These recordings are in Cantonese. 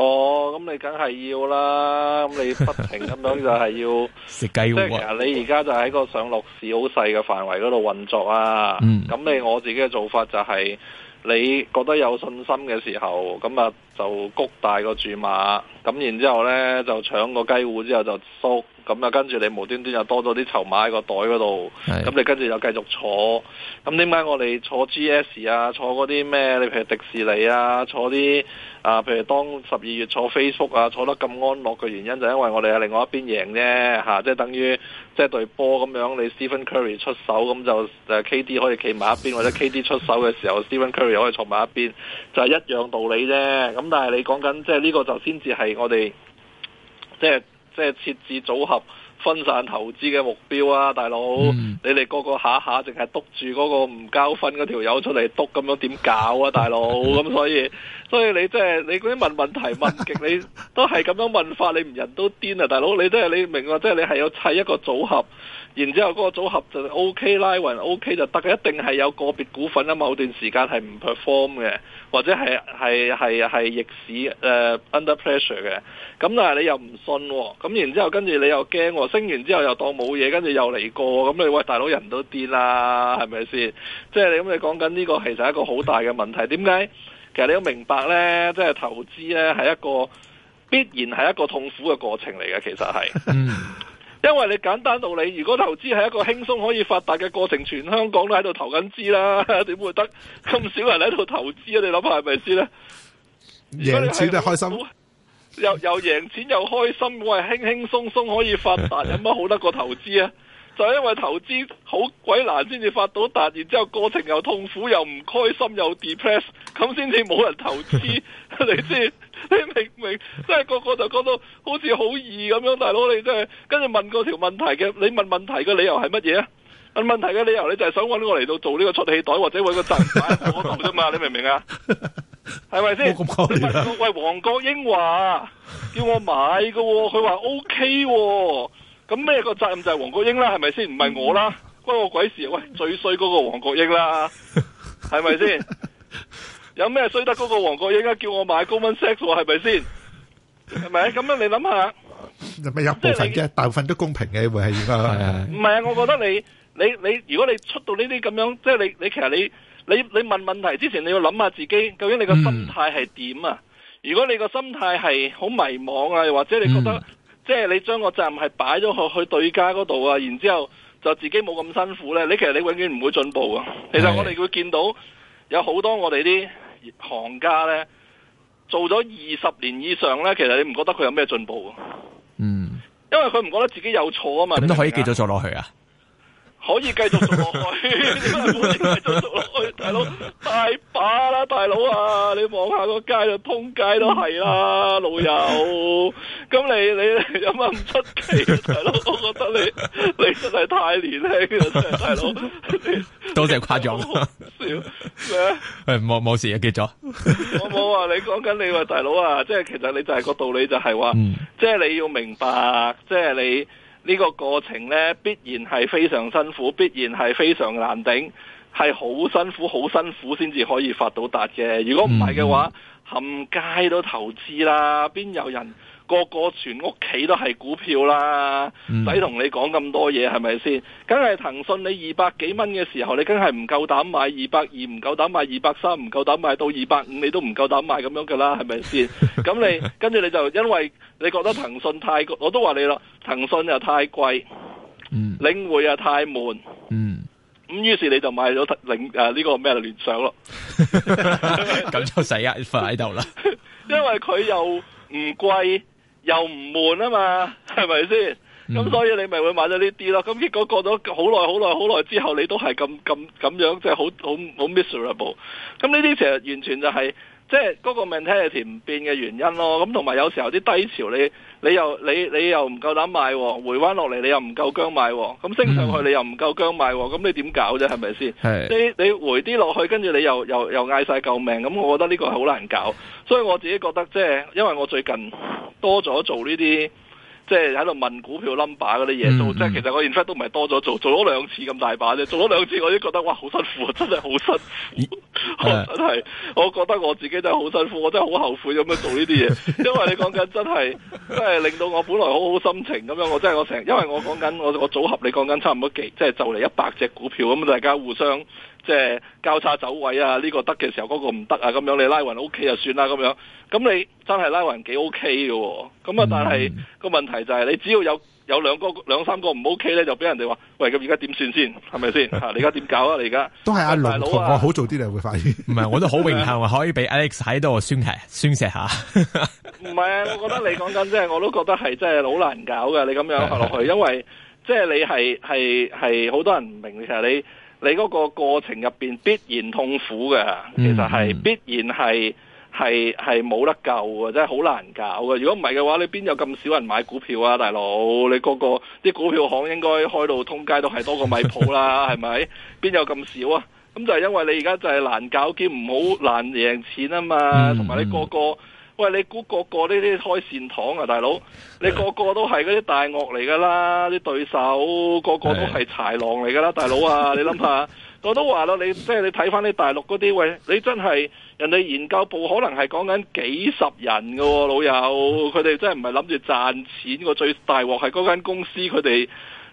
哦，咁你梗係要啦，咁你不停咁樣就係要食 雞糊。即係你而家就喺個上落市好細嘅範圍嗰度運作啊。咁、嗯、你我自己嘅做法就係，你覺得有信心嘅時候，咁啊就谷大個注碼，咁然之後呢，就搶個雞糊之後就縮。咁啊，跟住你無端端又多咗啲籌碼喺個袋嗰度，咁你的跟住又繼續坐。咁點解我哋坐 G S 啊，坐嗰啲咩？你譬如迪士尼啊，坐啲啊，譬如當十二月坐 Facebook 啊，坐得咁安樂嘅原因就係、因為我哋有另外一邊贏啫，嚇、啊！即係等於即係對波咁樣，你 Stephen Curry 出手咁就誒 KD 可以企埋一邊， 或者 KD 出手嘅時候 Stephen Curry 又可以坐埋一邊，就係、係、一樣道理啫。咁、啊、但係你講緊即係呢個就先至係我哋即係。即係設置組合分散投資嘅目標啊，大佬！嗯、你哋個個,個下下淨係督住嗰個唔交分嗰條友出嚟督，咁樣點搞啊，大佬！咁 所以，所以你即、就、係、是、你嗰啲問問題問極，你都係咁樣問法，你唔人都癲啊，大佬！你即、就、係、是、你明啊，即、就、係、是、你係有砌一個組合，然之後嗰個組合就 O、OK, K 拉勻，O K 就得嘅，一定係有個別股份喺某段時間係唔 perform 嘅。或者係係係係逆市誒 under pressure 嘅，咁但係你又唔信喎、哦，咁然之後跟住你又驚喎、哦，升完之後又當冇嘢，跟住又嚟過，咁你喂大佬人都跌啦，係咪先？即係你咁，你講緊呢個其實係一個好大嘅問題。點解其實你都明白呢，即係投資呢係一個必然係一個痛苦嘅過程嚟嘅，其實係。 因為你簡單道理，如果投資係一個輕鬆可以發達嘅過程，全香港都喺度投緊資啦，點會得咁少人喺度投資啊？你諗下係咪先呢？贏錢又開心，又又贏錢又開心，我係輕輕鬆鬆可以發達， 有乜好得過投資啊？就係因為投資好鬼難先至發到達，然之後過程又痛苦又唔開心又 depress，咁先至冇人投資，你知？你明唔明？即係個個就講到好似好易咁樣，大佬你真係跟住問嗰條問題嘅，你問問題嘅理由係乜嘢啊？問問題嘅理由你就係想揾我呢個嚟到做呢個出氣袋，或者揾個責任擺喺我度啫嘛？ 你明唔明啊？係咪先？喂，黃國英話叫我買噶喎，佢話 O K，咁咩個責任就係、是、黃國英啦？係咪先？唔係我啦，關、那、我、個、鬼事？喂，最衰嗰個黃國英啦，係咪先？ 有咩衰得嗰個王國英啊？叫我買高分 sex 喎，係咪先？係咪咁樣？你諗下，唔咪有部分啫，大部分都公平嘅，會係而家係啊。唔係啊，我覺得你你你，如果你出到呢啲咁樣，即係你你，你其實你你你問問題之前，你要諗下自己究竟你個心態係點啊？嗯、如果你個心態係好迷茫啊，或者你覺得、嗯、即係你將個責任係擺咗去去對家嗰度啊，然之後就自己冇咁辛苦咧，你其實你永遠唔會進步啊。嗯、其實我哋會見到有好多我哋啲。行家咧做咗二十年以上咧，其實你唔覺得佢有咩進步啊？嗯，因為佢唔覺得自己有錯啊嘛。咁、嗯、都可以繼續做落去啊！可以繼續落去，繼 續落去， 大佬大把啦，大佬啊！你望下個街度通街都係啦，老友。咁你你有乜唔出奇啊，大佬？我覺得你你真係太年輕啦，大佬。多謝誇獎。笑咩？ 誒，冇冇 事啊，結咗，我冇話你講緊你話，大佬啊，即係其實你就係、是、個道理、就是，嗯、就係話，即係你要明白，即、就、係、是、你。呢個過程咧，必然係非常辛苦，必然係非常難頂。係好辛苦、好辛苦先至可以發到達嘅。如果唔係嘅話，冚街、嗯、都投資啦，邊有人？個個全屋企都係股票啦，唔使同你講咁多嘢，係咪先？梗係騰訊你二百幾蚊嘅時候，你梗係唔夠膽買二百二，唔夠膽買二百三，唔夠膽買到二百五，你都唔夠膽買咁樣噶啦，係咪先？咁 你跟住你就因為你覺得騰訊太，我都話你咯，騰訊又太貴，嗯，領匯又太悶，嗯，咁於是你就買咗領誒、啊這個、呢個咩聯想咯，咁就死壓喺度啦，因為佢又唔貴。又唔悶啊嘛，係咪先？咁 所以你咪會買咗呢啲咯。咁結果過咗好耐、好耐、好耐之後，你都係咁、咁、咁樣，即係好、好、好 miserable。咁呢啲其實完全就係、是、即係嗰個 mentality 唔變嘅原因咯。咁同埋有時候啲低潮你。你又你你又唔夠膽買、哦，回返落嚟你又唔夠姜買、哦，咁升上去你又唔夠姜買、哦，咁、嗯、你點搞啫？係咪先？你你回啲落去，跟住你又又又嗌晒救命！咁我覺得呢個係好難搞，所以我自己覺得即係，因為我最近多咗做呢啲。即係喺度問股票 number 嗰啲嘢做，即係其實我 in fact 都唔係多咗做，做咗兩次咁大把啫。做咗兩次，我都覺得哇，好辛苦啊！真係好辛苦， 咦 真係，我覺得我自己真係好辛苦，我真係好後悔咁樣做呢啲嘢。因為你講緊真係，真係令到我本來好好心情咁樣，我真係我成，因為我講緊我我組合，你講緊差唔多幾，即係就嚟一百隻股票咁，大家互相。即係交叉走位啊，呢、這個得嘅時候，嗰、那個唔得啊，咁樣你拉匀 O K 就算啦，咁樣咁你真係拉匀幾 O K 嘅，咁啊！但係個問題就係你只要有有兩個兩三個唔 O K 咧，就俾人哋話，喂，咁而家點算先係咪先？吓，你而家點搞啊？你而家都係阿龍我好做啲嚟，你會發現唔係我都好榮幸啊，可以俾 Alex 喺度宣泄宣泄下。唔係啊，我覺得你講緊即係我都覺得係真係好難搞嘅。你咁樣落去，因為即係你係係係好多人唔明嘅，其實你。你嗰個過程入邊必然痛苦嘅，其實係必然係係係冇得救嘅，真係好難搞嘅。如果唔係嘅話，你邊有咁少人買股票啊，大佬？你、嗰個啲股票行應該開到通街都係多過米鋪啦，係咪？ 邊有咁少啊？咁就係因為你而家就係難搞，兼唔好難贏錢啊嘛，同埋 你個個。喂，你估個個呢啲開善堂啊，大佬？你個個都係嗰啲大鱷嚟噶啦，啲對手個個都係豺狼嚟噶啦，大佬啊！ 你諗下，我都話咯，你即係你睇翻啲大陸嗰啲，喂，你真係人哋研究部可能係講緊幾十人嘅、啊，老友佢哋真係唔係諗住賺錢，個最大鑊係嗰間公司，佢哋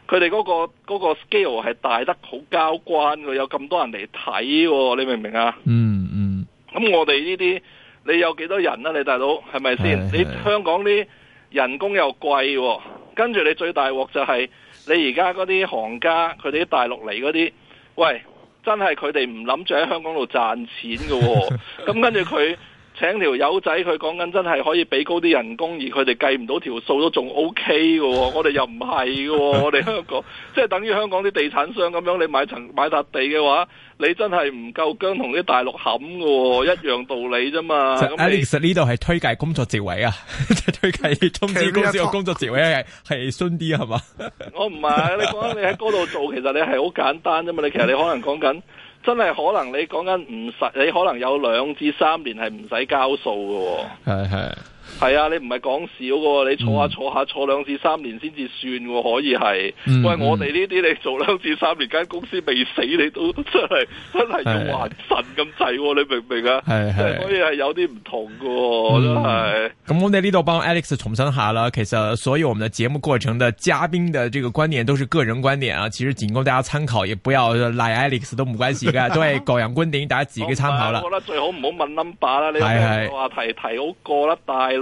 佢哋嗰個嗰、嗰個 scale 係大得好交關，有咁多人嚟睇，你明唔明啊？嗯嗯，咁我哋呢啲。你有幾多人啊？你大佬係咪先？ 你香港啲人工又貴喎，跟住你最大鑊就係你而家嗰啲行家，佢哋啲大陸嚟嗰啲，喂，真係佢哋唔諗住喺香港度賺錢嘅，咁 跟住佢。請條友仔，佢講緊真係可以俾高啲人工，而佢哋計唔到條數都仲 O K 噶。我哋又唔係噶，我哋香港 即係等於香港啲地產商咁樣，你買層買笪地嘅話，你真係唔夠姜同啲大陸冚噶，一樣道理啫嘛。其實呢度係推介工作職位啊，即 推介通知公司個工作職位係係鬆啲係嘛？ 我唔係，你講你喺嗰度做，其實你係好簡單啫嘛。你其實你可能講緊。真係可能你講緊唔實，你可能有兩至三年係唔使交數嘅，係係。係 啊，你唔係講笑噶，你坐下坐下坐兩至三年先至算，可以係。喂，我哋呢啲你做兩至三年間公司未死，你都真係真係要還神咁滯，你明唔明啊？係係，所以係有啲唔同噶，都係。咁我哋呢度幫 Alex 重申下啦，其實所有我們嘅節目過程嘅嘉賓嘅呢個觀點都係個人觀點啊，其實僅供大家參考，亦不要賴 Alex 都唔關事噶，都係個人觀點，大家自己參考啦。我覺得最好唔好問 number 啦，你個話題提好過啦，大、 yeah. hey,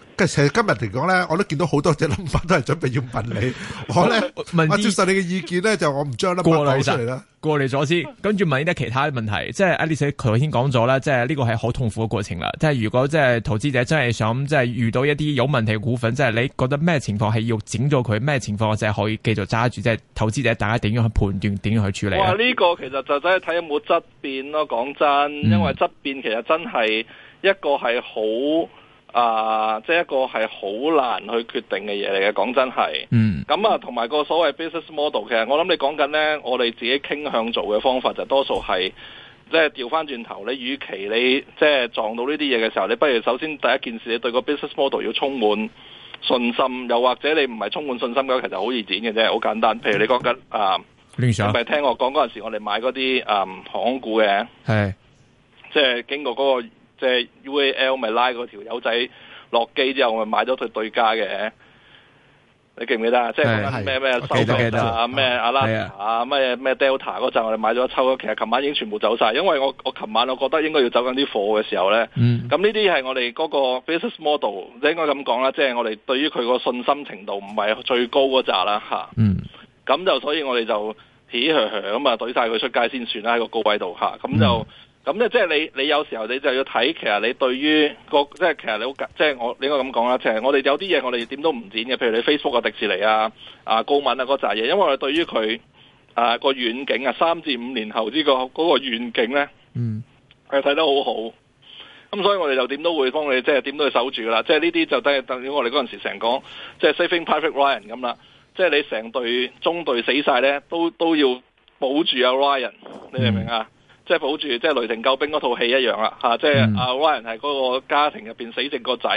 其實今日嚟講咧，我都見到好多只諗法都係準備要問你，我咧問意，我接受你嘅意見咧，就我唔將諗法講出嚟啦，過嚟咗先，跟住問呢啲其他問題。即係阿李 Sir 頭先講咗啦，即係呢個係好痛苦嘅過程啦。即係如果即係投資者真係想即係遇到一啲有問題嘅股份，即係你覺得咩情況係要整咗佢，咩情況或者可以繼續揸住？即係投資者大家點樣去判斷，點樣去處理？哇！呢個其實就真係睇有冇質變咯。講真，因為質變其實真係一個係好。啊、呃，即係一個係好難去決定嘅嘢嚟嘅，講真係。嗯。咁啊，同埋個所謂 business model 嘅，我諗你講緊咧，我哋自己傾向做嘅方法就多數係，即係調翻轉頭，你與其你即係撞到呢啲嘢嘅時候，你不如首先第一件事，你對個 business model 要充滿信心，又或者你唔係充滿信心嘅話，其實好易剪嘅啫，好簡單。譬如你講緊啊，聯、呃、想，係聽我講嗰陣時我，我哋買嗰啲啊航空股嘅，係的，即係的經過嗰、那個。即係 UAL 咪拉嗰條友仔落機之後，我咪買咗對對家嘅。你記唔記得啊？即係嗰啲咩咩收檔啊，咩阿拉啊，咩咩 Delta 嗰陣，我哋買咗一抽。其實琴晚已經全部走晒，因為我我琴晚我覺得應該要走緊啲貨嘅時候咧。咁呢啲係我哋嗰個 business model，應該咁講啦，即係我哋對於佢個信心程度唔係最高嗰扎啦吓。咁就所以我哋就噓噓噓咁啊，懟晒佢出街先算啦，喺個高位度吓。咁就。咁咧，即係你，你有時候你就要睇，其實你對於個即係其實你好即係我你應該咁講啦，即係我哋有啲嘢我哋點都唔剪嘅，譬如你 Facebook 啊、迪士尼啊、啊高敏啊嗰扎嘢，因為我哋對於佢啊個遠景啊，三至五年後呢個嗰個遠景咧，嗯，佢睇得好好。咁所以我哋就點都會幫你、就是，即係點都去守住㗎啦。即係呢啲就等係等於我哋嗰陣時成講，即係 Saving Private Ryan 咁啦。即係你成隊中隊死晒咧，都都要保住有、啊、Ryan，你明唔明啊？嗯即係保住，即係、就是、雷霆救兵嗰套戲一樣啦，吓、啊、即係阿 Ryan 係嗰個家庭入邊死剩個仔，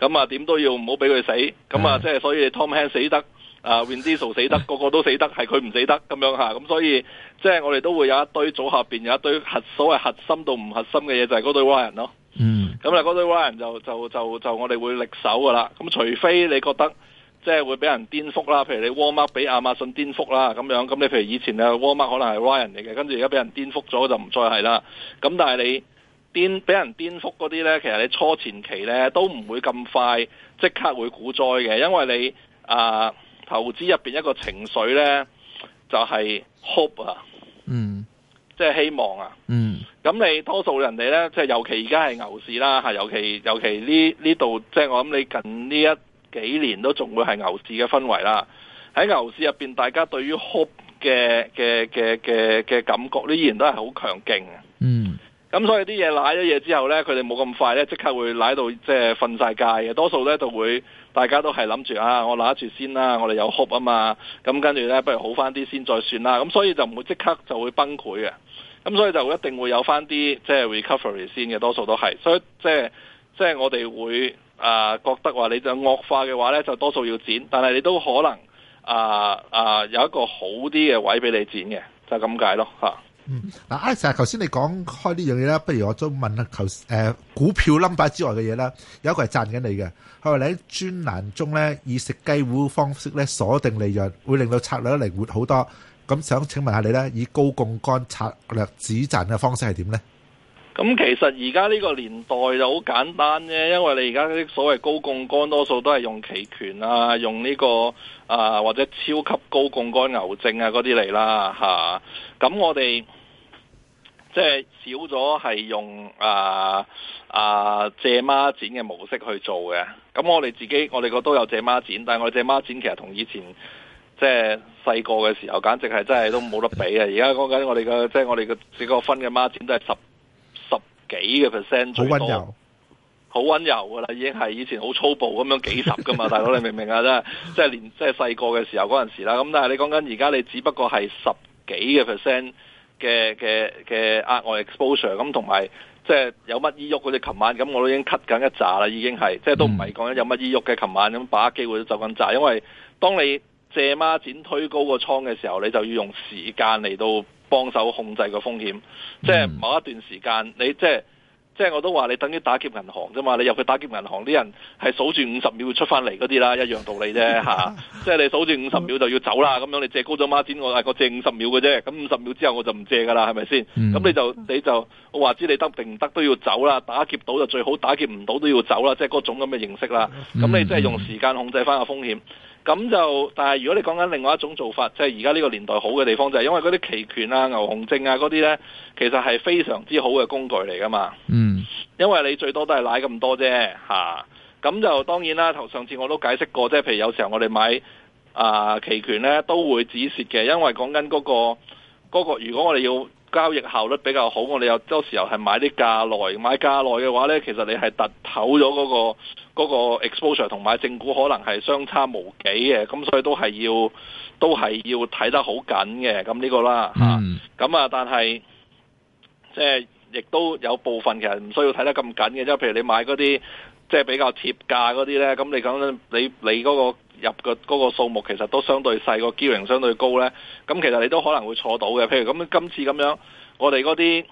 咁啊點都要唔好俾佢死，咁啊，是的 啊即係所以 Tom Hanks 死得，啊 Vin Diesel 死得，個個都死得，係佢唔死得咁樣吓，咁、啊啊啊、所以即係我哋都會有一堆組合，邊有一堆核，所謂核心到唔核心嘅嘢就係嗰對 Ryan 咯，嗯那那堆，咁啊嗰對 Ryan 就就就就，就我哋會力守噶啦，咁除非你覺得。即係會俾人顛覆啦，譬如你 Walmart 俾亞馬遜顛覆啦咁樣，咁、嗯、你譬如以前啊 Walmart 可能係 Buy 人嚟嘅，跟住而家俾人顛覆咗就唔再係啦。咁但係你顛俾人顛覆嗰啲咧，其實你初前期咧都唔會咁快即刻會股災嘅，因為你啊、呃、投資入邊一個情緒咧就係、是、hope 啊，嗯，mm。即係希望啊，嗯，咁你多數人哋咧，即係尤其而家係牛市啦嚇，尤其尤其呢呢度即係我諗你近呢一幾年都仲會係牛市嘅氛圍啦，喺牛市入邊，大家對於 hope 嘅嘅嘅嘅嘅感覺，呢依然都係好強勁。嗯，咁所以啲嘢瀨咗嘢之後咧，佢哋冇咁快咧，即刻會瀨到即係瞓晒街嘅。多數咧就會大家都係諗住啊，我瀨住先啦，我哋有 hope 啊嘛。咁跟住咧，不如好返啲先再算啦。咁所以就唔會即刻就會崩潰嘅。咁所以就一定會有返啲即係 recovery 先嘅，多數都係。所以即係即係我哋會。啊，覺得話你就惡化嘅話咧，就多數要剪，但係你都可能啊啊有一個好啲嘅位俾你剪嘅，就咁、是、解咯嚇。嗯，嗱、啊，阿成頭先你講開呢樣嘢啦，不如我都問下啊頭誒股票冧 u 之外嘅嘢啦，有一個係賺緊你嘅，佢話喺專欄中咧以食雞糊方式咧鎖定利潤，會令到策略靈活好多。咁想請問下你咧，以高共乾策略止賺嘅方式係點咧？咁其實而家呢個年代就好簡單啫，因為你而家啲所謂高槓桿多數都係用期權啊，用呢、這個啊、呃、或者超級高槓桿牛證啊嗰啲嚟啦嚇。咁、啊、我哋即係少咗係用啊啊借孖展嘅模式去做嘅。咁我哋自己我哋個都有借孖展，但係我哋借孖展其實同以前即係細個嘅時候，簡直係真係都冇得比嘅。而家講緊我哋個即係我哋個幾個分嘅孖展都係十幾嘅 percent，好溫柔，好溫柔噶啦，已經係以前好粗暴咁樣幾十噶嘛，大佬你明唔明啊？即係即係連即係細個嘅時候嗰陣時啦，咁但係你講緊而家你只不過係十幾嘅 percent 嘅嘅嘅額外 exposure，咁同埋即係有乜依喐嗰啲，琴晚咁我都已經 cut 緊一紮啦，已經係即係都唔係講緊有乜依喐嘅，琴晚咁把握機會就咁紮，因為當你借孖展推高個倉嘅時候，你就要用時間嚟到幫手控制個風險，即係某一段時間，你即係即係我都話你等於打劫銀行啫嘛，你入去打劫銀行啲人係數住五十秒出翻嚟嗰啲啦，一樣道理啫嚇。啊、 即係你數住五十秒就要走啦，咁樣你借高咗孖展，我係個借五十秒嘅啫，咁五十秒之後我就唔借噶啦，係咪先？咁 你就你就我話知你得定唔得都要走啦，打劫到就最好，打劫唔到都要走啦，即係嗰種咁嘅形式啦。咁 你即係用時間控制翻個風險。咁就，但係如果你講緊另外一種做法，即係而家呢個年代好嘅地方，就係、是、因為嗰啲期權啊、牛熊證啊嗰啲呢，其實係非常之好嘅工具嚟㗎嘛。嗯，因為你最多都係攬咁多啫，嚇、啊。咁就當然啦，頭上次我都解釋過，即係譬如有時候我哋買啊期、呃、權呢，都會止蝕嘅，因為講緊嗰個嗰個，那個、如果我哋要交易效率比較好，我哋有時候係買啲價內，買價內嘅話呢，其實你係突透咗嗰個嗰個 exposure，同買正股可能係相差無幾嘅，咁所以都係要都係要睇得好緊嘅，咁呢個啦嚇。咁、嗯、啊，但係即係亦都有部分其實唔需要睇得咁緊嘅，即係譬如你買嗰啲。即係比較貼價嗰啲呢，咁你講你你嗰個入個嗰個數目其實都相對細，個 gearing 相對高呢。咁其實你都可能會坐到嘅。譬如咁今次咁樣，我哋嗰啲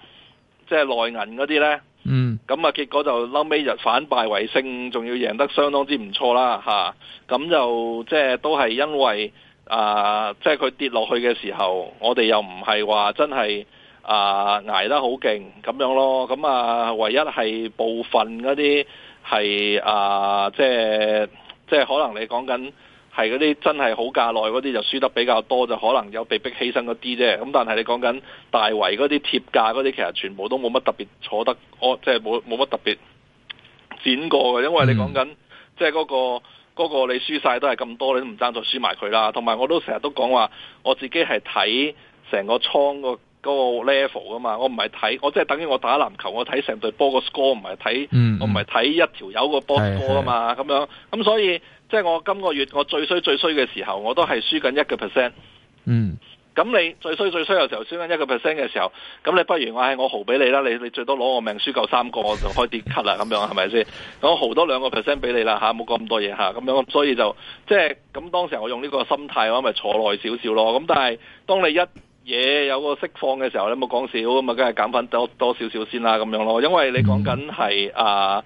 即係內銀嗰啲呢，嗯，咁啊結果就後尾反敗為勝，仲要贏得相當之唔錯啦嚇。咁、啊、就即係都係因為啊，即係佢跌落去嘅時候，我哋又唔係話真係啊捱得好勁咁樣咯。咁啊，唯一係部分嗰啲。係啊、呃，即係即係，可能你講緊係嗰啲真係好價內嗰啲就輸得比較多，就可能有被逼犧牲嗰啲啫。咁但係你講緊大圍嗰啲貼價嗰啲，其實全部都冇乜特別坐得，我、哦、即係冇冇乜特別剪過嘅。因為你講緊即係嗰個、嗰個你輸晒都係咁多，你都唔爭再輸埋佢啦。同埋我都成日都講話，我自己係睇成個倉個嗰個 level 㗎嘛，我唔係睇，我即係等於我打籃球，我睇成隊波個 score，唔係睇，嗯嗯、我唔係睇一條友個波 score 啊嘛，咁、嗯嗯、樣，咁所以即係我今個月我最衰最衰嘅時候，我都係輸緊一個 percent。嗯，咁你最衰最衰嘅時候輸緊一個 percent 嘅時候，咁你不如我係我豪俾你啦，你你最多攞我命，輸夠三個我就開啲 cut 啦，咁樣係咪先？咁我豪多兩個 percent 俾你啦吓，冇講咁多嘢吓，咁樣，所以就即係咁、嗯、當時我用呢個心態，我咪坐耐少少咯。咁但係當你一嘢、yeah, 有個釋放嘅時候你冇講少啊嘛，梗係減翻多多少少先啦，咁樣咯。因為你講緊係啊，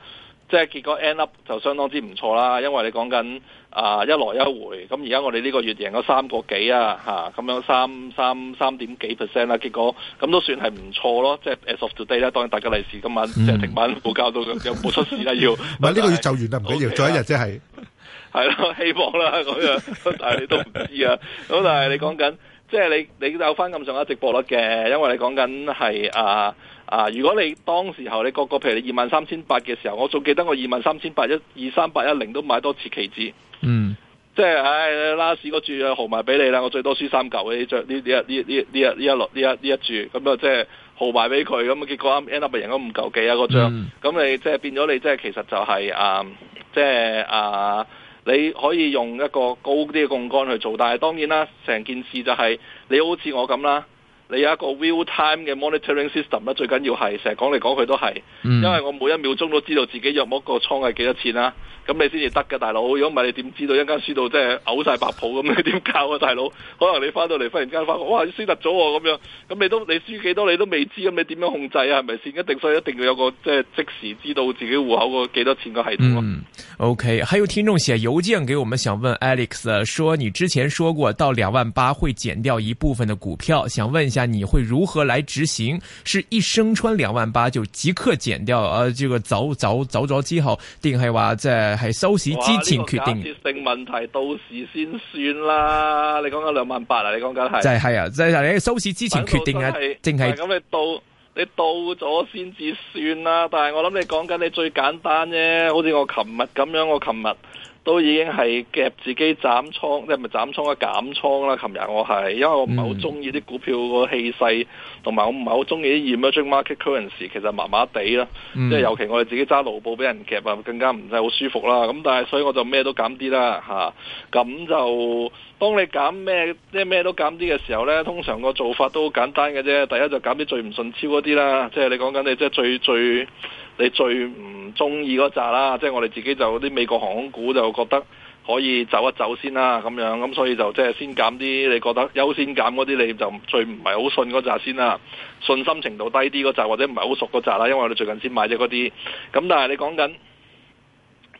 即、就、係、是、結果 end up 就相當之唔錯啦。因為你講緊啊一來一回，咁而家我哋呢個月贏咗三個幾啊，嚇、啊、咁樣三三三點幾 percent 啦。結果咁都算係唔錯咯。即係 as of today 啦，就是、today, 當然大家利是今晚即係聽晚冇交到，又冇出事啦。要唔係呢個月就完啦，比要，再一日即係係咯，啊、ấy, 希望啦咁樣，但係你都唔知啊。咁但係你講緊。即係你你有翻咁上下直播率嘅，因為你講緊係啊啊！如果你當時候你個個譬如二萬三千八嘅時候，我仲記得我二萬三千八一二三八一零都買多次期指，嗯，即係唉，拉斯嗰注豪埋俾你啦，我最多輸三嚿嘅呢張呢啲呢呢呢一呢一注，咁啊即係豪埋俾佢，咁啊結果啱 end up 贏咗五嚿幾啊嗰張，咁、嗯、你即係變咗你即係其實就係啊即係啊。你可以用一個高啲嘅槓桿去做，但係當然啦，成件事就係、是、你好似我咁啦，你有一個 real time 嘅 monitoring system 啦，最緊要係成日講嚟講去都係，嗯、因為我每一秒鐘都知道自己有冇個倉係幾多錢啦、啊。咁你先至得㗎，大佬。如果唔係，你點知道一陣間輸到即係嘔晒白泡咁你點搞啊，大佬？可能你翻到嚟忽然間發覺哇，輸得咗喎咁樣，咁你都你輸幾多你都未知咁，你點樣控制啊？係咪先？一定所以一定要有個即係即，即，即，即時知道自己戶口個幾多錢個系統咯。嗯、o、okay, k 還有聽眾寫郵件給我們，想問 Alex，說你之前說過到兩萬八會減掉一部分嘅股票，想問一下你會如何來執行？是一升穿兩萬八就即刻減掉？啊，這個着着着着之後？定係話在？係收市之前決定，定、假設性、問題到時先算啦。你講緊兩萬八啊？你講緊係就係、係、係啊，就係、係、你收市之前決定嘅係，淨係咁。你到你到咗先至算啦。但係我諗你講緊你最簡單啫，好似我琴日咁樣，我琴日。都已經係夾自己斬倉，即係咪斬倉啊，減倉啦！琴日我係，因為我唔係好中意啲股票個氣勢，同埋、嗯、我唔係好中意啲 emerging market currency，其實麻麻地啦。即係、嗯、尤其我哋自己揸路報俾人夾啊，更加唔係好舒服啦。咁但係所以我就咩都減啲啦嚇。咁、啊、就當你減咩，即係咩都減啲嘅時候咧，通常個做法都好簡單嘅啫。第一就減啲最唔順超嗰啲啦。即係你講緊你即係最最。最最你最唔鍾意嗰扎啦，即係我哋自己就啲美國航空股就覺得可以走一走先啦，咁樣咁所以就即係先減啲你覺得優先減嗰啲，你就最唔係好信嗰紮先啦，信心程度低啲嗰紮或者唔係好熟嗰扎啦，因為我哋最近先買咗嗰啲，咁但係你講緊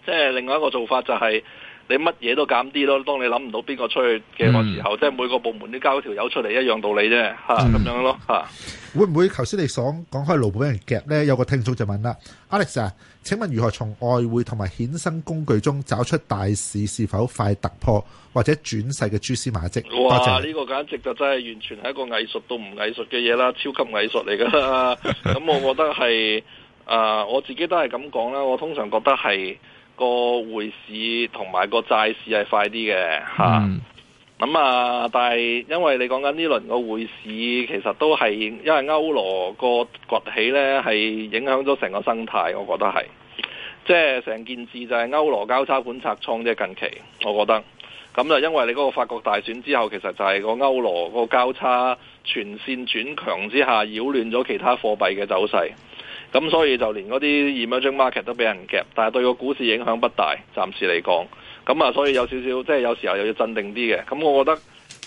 即係另外一個做法就係、是。你乜嘢都減啲咯，當你諗唔到邊個出去嘅時候，嗯、即係每個部門都交條友出嚟，一樣道理啫嚇咁樣咯嚇。嗯、會唔會頭先你講講開勞保人夾呢，有個聽眾就問啦，Alex 哇 啊，請問如何從外匯同埋衍生工具中找出大市是否快突破或者轉勢嘅蛛絲馬跡？哇！呢個簡直就真係完全係一個藝術到唔藝術嘅嘢啦，超級藝術嚟噶。咁我覺得係啊、呃，我自己都係咁講啦。我通常覺得係。個匯市同埋個債市係快啲嘅吓，咁、嗯、啊，但係因為你講緊呢輪個匯市，其實都係因為歐羅個崛起呢，係影響咗成個生態，我覺得係，即係成件事就係歐羅交叉盤拆倉啫。近期我覺得，咁就因為你嗰個法國大選之後，其實就係個歐羅個交叉全線轉強之下，擾亂咗其他貨幣嘅走勢。咁所以就連嗰啲 emerging market 都俾人夾，但係對個股市影響不大，暫時嚟講。咁啊，所以有少少即係有時候又要鎮定啲嘅。咁我覺得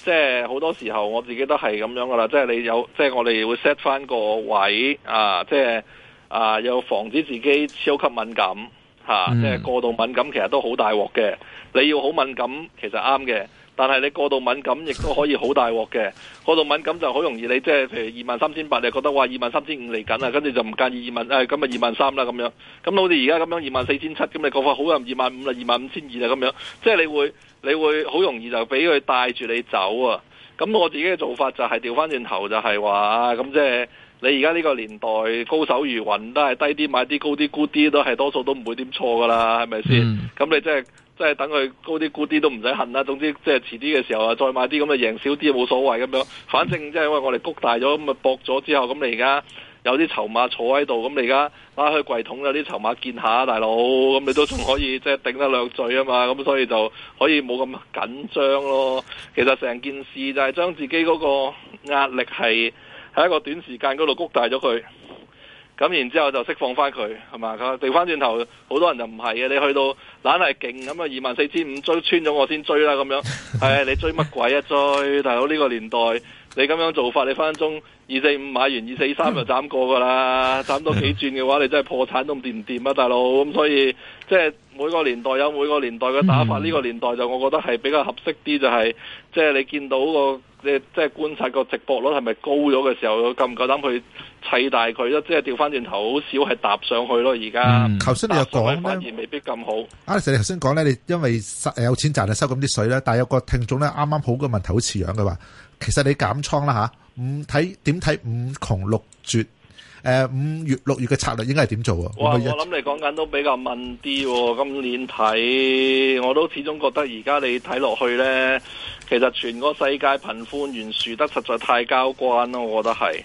即係好多時候我自己都係咁樣噶啦。即係你有即係我哋會 set 翻個位啊，即係啊，又防止自己超級敏感嚇，即係、啊、嗯、過度敏感其實都好大鑊嘅。你要好敏感其實啱嘅。但係你過度敏感亦都可以好大鑊嘅，過度敏感就好容易你即係譬如二萬三千八你覺得哇二萬三千五嚟緊啊，跟住就唔介意二萬誒咁啊二萬三啦咁樣，咁好似而家咁樣二萬四千七咁你過度好容易二萬五啦二萬五千二啦咁樣，即係你會你會好容易就俾佢帶住你走啊！咁我自己嘅做法就係調翻轉頭就係話咁即係你而家呢個年代高手如雲，都係低啲買啲高啲沽啲都係多數都唔會點錯噶啦，係咪先？咁、嗯、你即、就、係、係。即係等佢高啲沽啲都唔使恨啦，總之即係遲啲嘅時候啊，再買啲咁啊，贏少啲冇所謂咁樣，反正即係因為我哋谷大咗咁啊博咗之後咁你而家有啲籌碼坐喺度，咁你而家拉去櫃桶有啲籌碼見下大佬，咁你都仲可以即係頂得兩嘴啊嘛，咁所以就可以冇咁緊張咯。其實成件事就係將自己嗰個壓力係喺一個短時間嗰度谷大咗佢。咁然之後就釋放翻佢係嘛？掉翻轉頭，好多人就唔係嘅。你去到懶係勁咁啊，二萬四千五追穿咗我先追啦咁樣。係你追乜鬼啊追？大佬呢個年代你咁樣做法，你分分鐘二四五買完二四三就斬過㗎啦。斬到幾轉嘅話，你真係破產都唔掂唔掂啊，大佬。咁所以即係每個年代有每個年代嘅打法。呢 個年代就我覺得係比較合適啲，就係、是、即係你見到個。即係即觀察個直播率係咪高咗嘅時候，夠唔夠膽去砌大佢咯？即係掉翻轉頭，好少係搭上去咯。而家頭先你又講，反而未必咁好。Alex，你頭先講呢，你因為有錢賺就收咁啲水呢？但係有個聽眾呢，啱啱好嘅問題好似樣，嘅話其實你減倉啦吓。五睇點睇五窮六絕？誒、呃，五月六月嘅策略應該係點做啊？哇會會我我諗你講緊都比較問啲。今年睇，我都始終覺得而家你睇落去呢。其實全個世界貧富懸殊得實在太交關咯，我覺得係，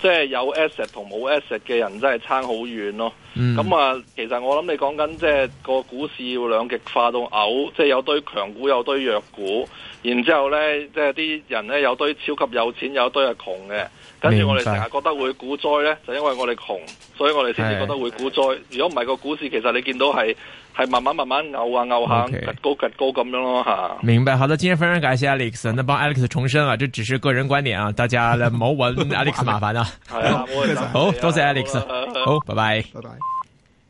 即係有 asset 同冇 asset 嘅人真係差好遠咯。咁、嗯、啊，其實我諗你講緊即係個股市要兩極化到嘔，即係有堆強股，有堆弱股，然之後呢，即係啲人呢，有堆超級有錢，有堆係窮嘅。跟住我哋成日覺得會股災呢，就因為我哋窮，所以我哋先至覺得會股災。明白。如果唔係個股市，其實你見到係。係慢慢慢慢牛下、啊、牛下、啊，趷 Okay. 高趷高咁樣咯吓。明白，好的，今日非常感謝 Alex，那幫 Alex 重申啊，這只是個人觀點啊，大家來唔好搵 Alex 麻煩啊。 好，多謝 Alex， 好，拜拜，拜拜。